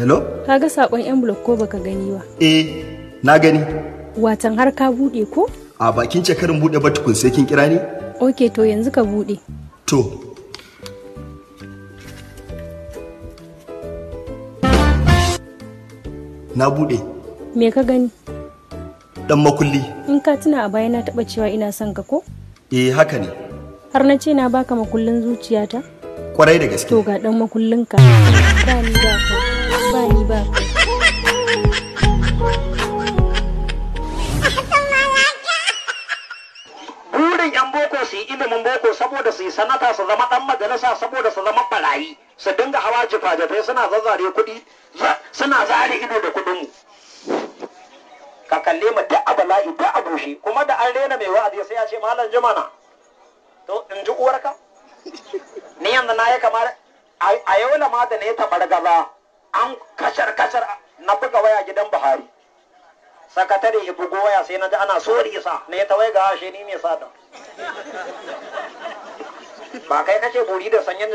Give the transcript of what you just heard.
hello ka ga sakon envelope ko baka gani ba eh na gani watan har ka bude ko a bakin cakarin bude ba tukun sai kin kira ni okay to yanzu ka bude to na bude. Me ka gani? Dan makulli. In ka tuna a baya na taba cewa ina son ka ko? Eh haka ne. Har na ce na baka makullin zuciyata? Kwarai da gaske. To ga dan makullin ka. Ba ni da ka. ba ni ba burin yan boko su yi ilimin boko saboda su yi sanata su zama ɗan majalisa saboda su zama barayi su dinga hawa jifa suna zazzare kuɗi suna zare ido da kuɗin mu ka kalle mu duk a bala'i duk a bushe kuma da an rena mai wa'azi sai ya ce malam jimana to in ji uwarka ni yanzu na ya kamar a yau ma da ne taɓar gaza an kashar kashar na buga waya gidan buhari sakatare ya bugo waya sai na ji ana so isa na ya tawai ga ashe ni mai sada ba kai kace bori da sanyin